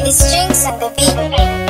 the Strings on the beat.